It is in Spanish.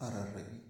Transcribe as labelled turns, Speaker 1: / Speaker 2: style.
Speaker 1: Arárregui